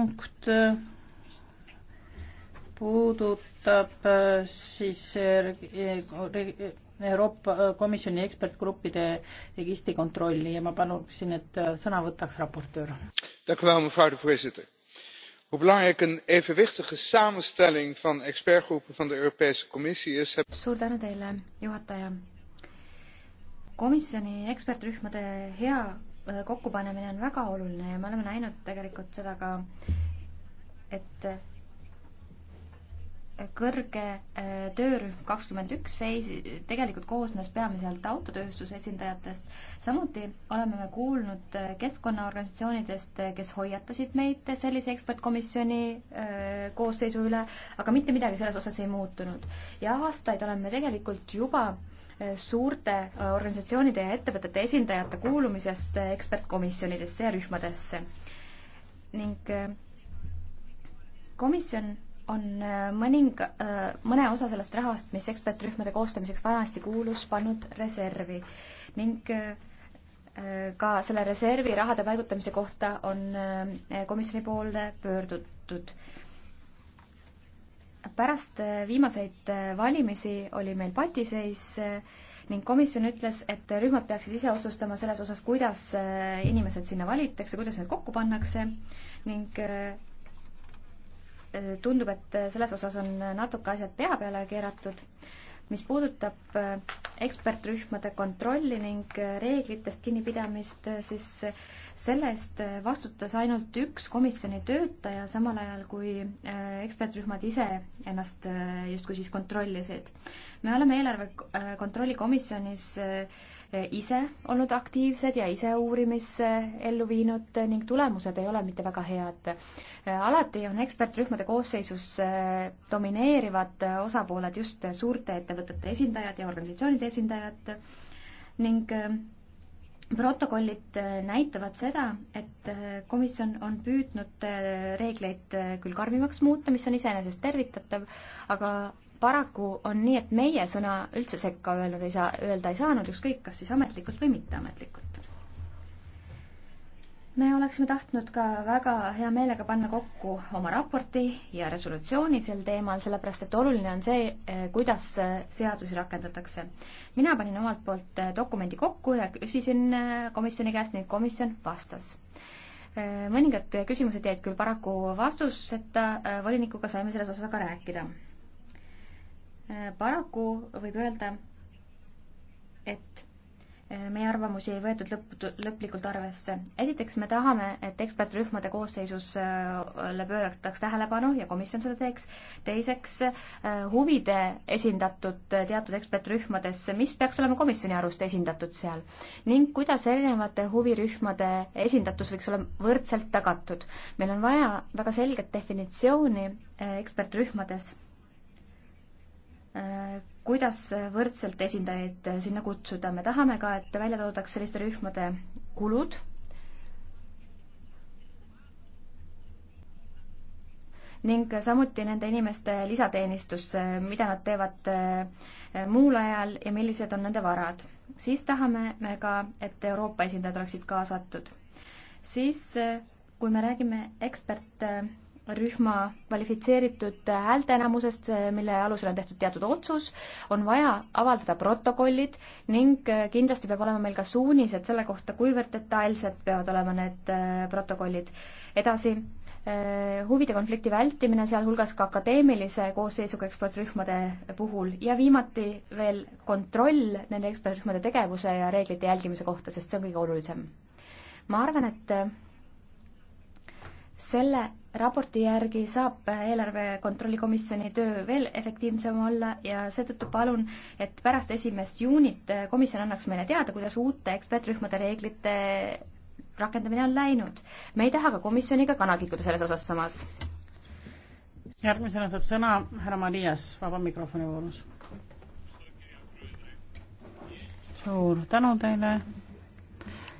punkt puudutab äh, siis äh, Euroopa äh, Komisjoni ekspertgruppide registri kontrolli ja ma paluksin, et sõna võtaks raportöör. Hoe belangrijk een evenwichtige samenstelling van expertgroepen van de Europese Commissie is. Suur tänu teile, juhataja. komisjoni ekspertrühmade hea kokkupanemine on väga oluline ja me oleme näinud tegelikult seda ka, et kõrge äh, töörühm kakskümmend üks seis, tegelikult koosnes peamiselt autotööstuse esindajatest. samuti oleme me kuulnud äh, keskkonnaorganisatsioonidest, äh, kes hoiatasid meid sellise ekspertkomisjoni koosseisu üle, aga mitte midagi selles osas ei muutunud. ja aastaid oleme tegelikult juba äh, suurte äh, organisatsioonide ja ettevõtete esindajate kuulumisest äh, ekspertkomisjonidesse ja rühmadesse. ning äh, komisjon on mõning-, mõne osa sellest rahast, mis ekspertrühmade koostamiseks vanasti kuulus, pannud reservi ning ka selle reservi rahade paigutamise kohta on komisjoni poole pöördutud pärast äh, viimaseid äh, valimisi oli meil patiseis äh, ning komisjon ütles, et rühmad peaksid ise otsustama selles osas, kuidas inimesed sinna valitakse, kuidas need kokku pannakse ning tundub, et selles osas on natuke asjad pea peale keeratud mis puudutab äh, ekspertrühmade kontrolli ning äh, reeglitest kinnipidamist, äh, siis selle eest vastutas ainult üks komisjoni töötaja, samal ajal kui ekspertrühmad ise ennast justkui siis kontrollisid. me oleme eelarve kontrolli komisjonis ise olnud aktiivsed ja ise uurimisse ellu viinud ning tulemused ei ole mitte väga head. alati on ekspertrühmade koosseisus äh, domineerivad osapooled just suurte ettevõtete esindajad ja organisatsioonide esindajad ning äh, protokollid äh, näitavad seda, et komisjon on püüdnud reegleid küll karmimaks muuta, mis on iseenesest tervitatav, aga paraku on nii, et meie sõna üldse sekka öelnud ei saa, öelda ei saanud, ükskõik kas siis ametlikult või mitteametlikult. me oleksime tahtnud ka väga hea meelega panna kokku oma raporti ja resolutsiooni sel teemal, sellepärast et oluline on see, eh, kuidas seadusi rakendatakse. mina panin omalt poolt eh, dokumendi kokku ja küsisin eh, komisjoni käest ning komisjon vastas mõningad küsimused jäid küll paraku vastuseta, volinikuga saime selles osas aga rääkida. Äh, paraku võib öelda, et äh, meie arvamusi ei võetud lõpp, lõplikult arvesse. esiteks me tahame, et ekspertrühmade koosseisusele äh, pöörataks tähelepanu ja komisjon seda teeks. teiseks, huvide esindatud teatud ekspertrühmades, mis peaks olema komisjoni arust esindatud seal ning kuidas erinevate huvirühmade esindatus võiks olla võrdselt tagatud. meil on vaja väga selget definitsiooni ekspertrühmades Äh, kuidas võrdselt esindajaid sinna kutsuda. me tahame ka, et välja toodaks selliste rühmade kulud. ning samuti nende inimeste lisateenistus, mida nad teevad äh, muul ajal ja millised on nende varad. siis tahame me ka, et Euroopa esindajad oleksid kaasatud. siis, äh, kui me räägime ekspert rühma kvalifitseeritud häälteenamusest, mille alusel on tehtud teatud otsus, on vaja avaldada protokollid ning kindlasti peab olema meil ka suunised selle kohta, kuivõrd detailsed peavad olema need äh, protokollid. edasi, äh, huvide konflikti vältimine, sealhulgas ka akadeemilise koosseisuga ekspertrühmade puhul ja viimati veel kontroll nende ekspertrühmade tegevuse ja reeglite jälgimise kohta, sest see on kõige olulisem. ma arvan, et äh, selle raporti järgi saab eelarve kontrolli komisjoni töö veel efektiivsem olla ja seetõttu palun, et pärast esimest juunit komisjon annaks meile teada, kuidas uute ekspertrühmade reeglite rakendamine on läinud. me ei taha ka komisjoniga kana kikkuda selles osas samas. järgmisena saab sõna härra Marias, vaba mikrofoni voorus. suur tänu teile.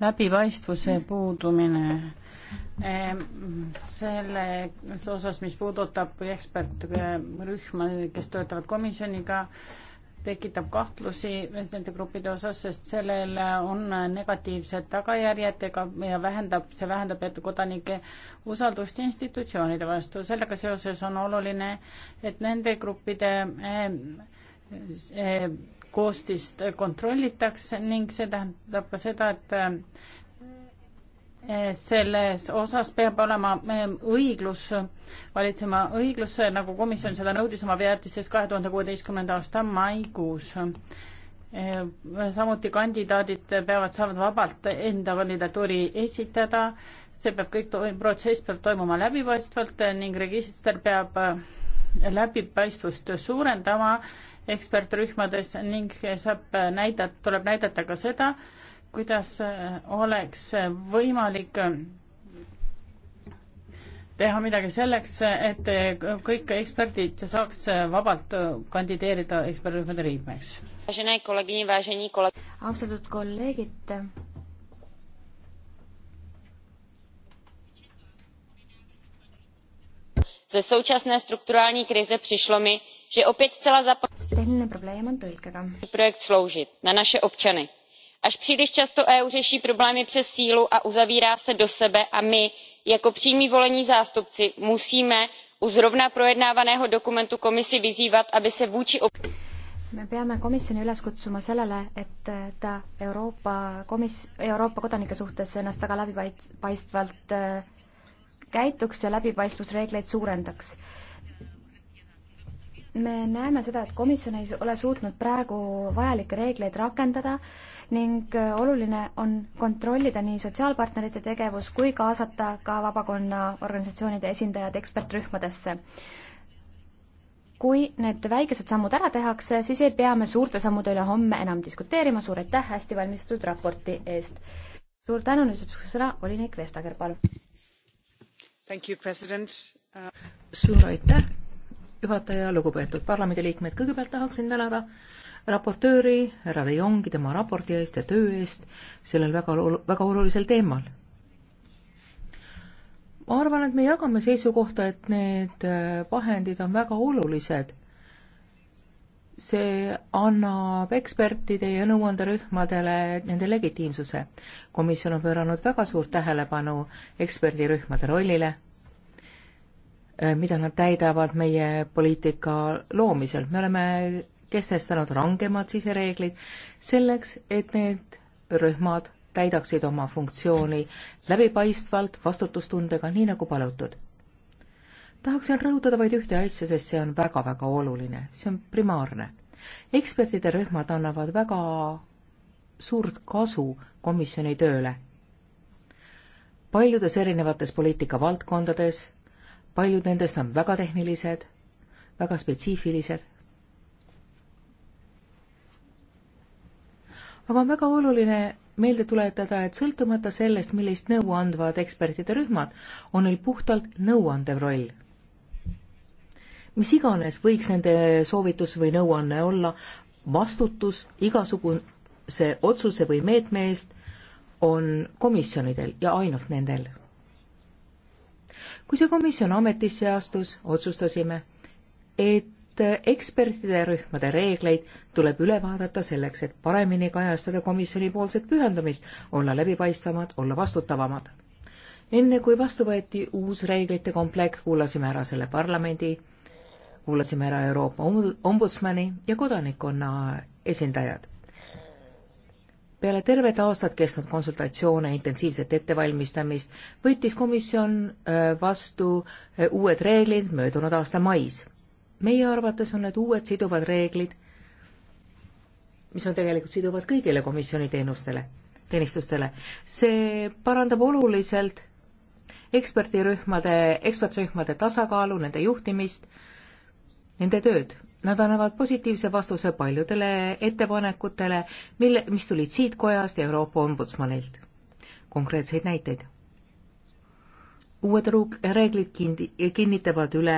läbipaistvuse puudumine Ehm, selles osas, mis puudutab ekspertrühma, kes töötavad komisjoniga, tekitab kahtlusi nende gruppide osas, sest sellel on negatiivsed tagajärjed ega ja vähendab, see vähendab kodanike usaldust institutsioonide vastu. sellega seoses on oluline, et nende gruppide ehm, ehm, koostist kontrollitakse ning see tähendab ka seda, et selles osas peab olema eh, õiglus, valitsema õiglus, nagu komisjon seda nõudis oma väärtises kahe tuhande kuueteistkümnenda aasta maikuus. Eh, samuti kandidaadid peavad, saavad vabalt enda kandidatuuri esitada, see peab kõik, protsess peab toimuma läbipaistvalt ning register peab eh, läbipaistvust suurendama ekspertrühmades ning saab näidata, tuleb näidata ka seda, kuidas äh, oleks äh, võimalik äh, teha midagi selleks, et kõik eksperdid saaks vabalt kandideerida eksperdirühmade liikmeks. austatud kolleegid. ze současné strukturální krize přišlo mi, že opět zcela zapomínáme projekt sloužit na naše občany až příliš často eu řeší problémy přes sílu a uzavírá se do sebe a my jako přímí volení zástupci musíme u zrovna projednávaného dokumentu komisi vyzývat aby se vůči me peame komisjoni üles kutsuma sellele, et ta Euroopa komis-, Euroopa kodanike suhtes ennast väga läbipaistvalt äh, käituks ja läbipaistvusreegleid suurendaks me näeme seda, et komisjon ei ole suutnud praegu vajalikke reegleid rakendada ning äh, oluline on kontrollida nii sotsiaalpartnerite tegevus kui kaasata ka vabakonna organisatsioonide esindajad ekspertrühmadesse. kui need väikesed sammud ära tehakse, siis ei pea me suurte sammude üle homme enam diskuteerima, suur aitäh hästi valmistatud raporti eest. suur tänu, nüüd saab sõna volinik Vestager, palun. Uh, suur aitäh juhataja, lugupeetud parlamendiliikmed, kõigepealt tahaksin tänada raportööri härra De Jongi tema raporti eest ja töö eest sellel väga, väga olulisel teemal. ma arvan, et me jagame seisukohta, et need äh, vahendid on väga olulised. see annab ekspertide ja nõuanderühmadele nende legitiimsuse. komisjon on pööranud väga suurt tähelepanu eksperdirühmade rollile Äh, mida nad täidavad meie poliitika loomisel. me oleme kehtestanud rangemad sisereeglid selleks, et need rühmad täidaksid oma funktsiooni läbipaistvalt, vastutustundega, nii nagu palutud. tahaksin rõhutada vaid ühte asja, sest see on väga-väga oluline, see on primaarne. ekspertide rühmad annavad väga suurt kasu komisjoni tööle. paljudes erinevates poliitikavaldkondades paljud nendest on väga tehnilised, väga spetsiifilised. aga on väga oluline meelde tuletada, et sõltumata sellest, millist nõu andvad ekspertide rühmad, on neil puhtalt nõuandev roll. mis iganes võiks nende soovitus või nõuanne olla, vastutus igasuguse otsuse või meetme eest on komisjonidel ja ainult nendel kui see komisjon ametisse astus, otsustasime, et ekspertide rühmade reegleid tuleb üle vaadata selleks, et paremini kajastada komisjoni poolset pühendumist, olla läbipaistvamad, olla vastutavamad. enne kui vastu võeti uus reeglite komplekt, kuulasime ära selle parlamendi, kuulasime ära Euroopa ombudsmani ja kodanikkonna esindajad peale tervet aastat kestnud konsultatsioone intensiivset ettevalmistamist võttis komisjon äh, vastu äh, uued reeglid möödunud aasta mais. meie arvates on need uued siduvad reeglid, mis on tegelikult siduvad kõigile komisjoni teenustele, teenistustele. see parandab oluliselt eksperdirühmade, ekspertrühmade tasakaalu, nende juhtimist, nende tööd Nad annavad positiivse vastuse paljudele ettepanekutele, mille, mis tulid siit kojast ja Euroopa Ombudsmanilt. konkreetseid näiteid. uued reeglid kinni, kinnitavad üle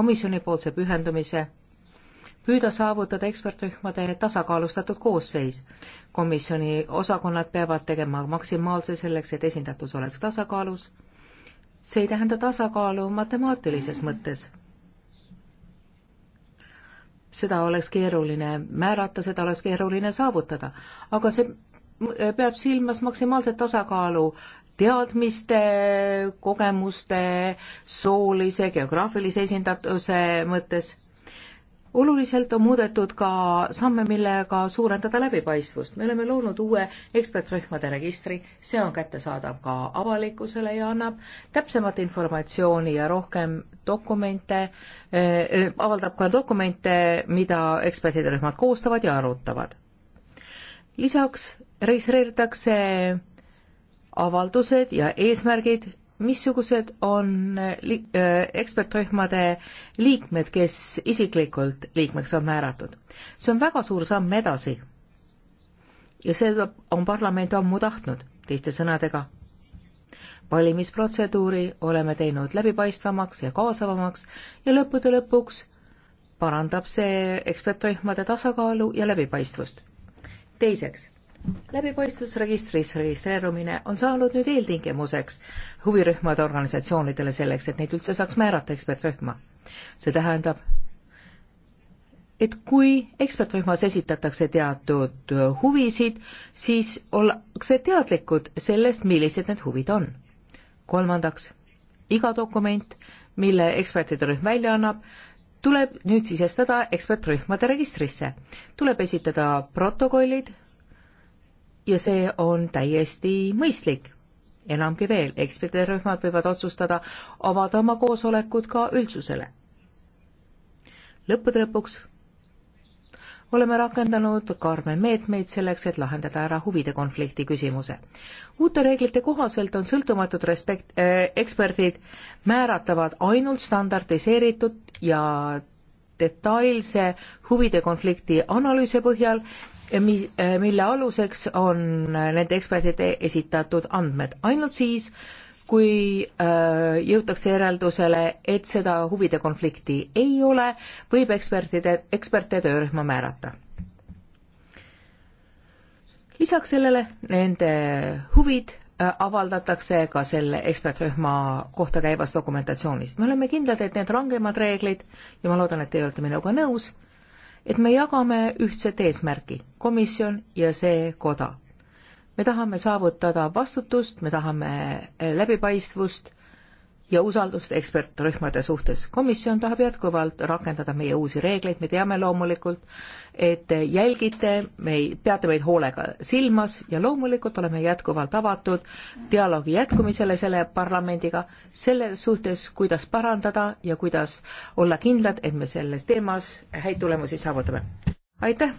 komisjonipoolse pühendumise, püüda saavutada ekspertrühmade tasakaalustatud koosseis. komisjoni osakonnad peavad tegema maksimaalse selleks, et esindatus oleks tasakaalus. see ei tähenda tasakaalu matemaatilises mõttes seda oleks keeruline määrata, seda oleks keeruline saavutada, aga see eh, peab silmas maksimaalset tasakaalu teadmiste, kogemuste, soolise, geograafilise esindatuse mõttes oluliselt on muudetud ka samme, millega suurendada läbipaistvust. me oleme loonud uue ekspertrühmade registri, see on kättesaadav ka avalikkusele ja annab täpsemat informatsiooni ja rohkem dokumente äh,, avaldab ka dokumente, mida ekspertide rühmad koostavad ja arutavad. lisaks registreeritakse avaldused ja eesmärgid, missugused on li-, äh, ekspertrühmade liikmed, kes isiklikult liikmeks on määratud? see on väga suur samm edasi. ja seda on parlament ammu tahtnud, teiste sõnadega. valimisprotseduuri oleme teinud läbipaistvamaks ja kaasavamaks ja lõppude lõpuks parandab see ekspertrühmade tasakaalu ja läbipaistvust. teiseks läbipaistvusregistris registreerumine on saanud nüüd eeltingimuseks huvirühmade organisatsioonidele selleks, et neid üldse saaks määrata ekspertrühma. see tähendab, et kui ekspertrühmas esitatakse teatud huvisid, siis ollakse teadlikud sellest, millised need huvid on. kolmandaks, iga dokument, mille ekspertide rühm välja annab, tuleb nüüd sisestada ekspertrühmade registrisse. tuleb esitada protokollid ja see on täiesti mõistlik. enamgi veel, eksperdirühmad võivad otsustada avada oma koosolekud ka üldsusele. lõppude lõpuks oleme rakendanud karme meetmeid selleks, et lahendada ära huvide konflikti küsimuse. uute reeglite kohaselt on sõltumatud respekt- äh,, eksperdid määratavad ainult standardiseeritud ja detailse huvide konflikti analüüsi põhjal mi-, äh, mille aluseks on äh, nende ekspertide esitatud andmed. ainult siis, kui äh, jõutakse järeldusele, et seda huvide konflikti ei ole, võib ekspertide, eksperte töörühma määrata. lisaks sellele nende huvid avaldatakse ka selle ekspertrühma kohta käivas dokumentatsioonis. me oleme kindlad, et need rangemad reeglid ja ma loodan, et te olete minuga nõus et me jagame ühtset eesmärki, komisjon ja see koda. me tahame saavutada vastutust, me tahame läbipaistvust ja usaldust ekspertrühmade suhtes. komisjon tahab jätkuvalt rakendada meie uusi reegleid, me teame loomulikult, et te jälgite, me peate meid hoolega silmas ja loomulikult oleme jätkuvalt avatud dialoogi jätkumisele selle parlamendiga, selle suhtes, kuidas parandada ja kuidas olla kindlad, et me selles teemas häid tulemusi saavutame. aitäh!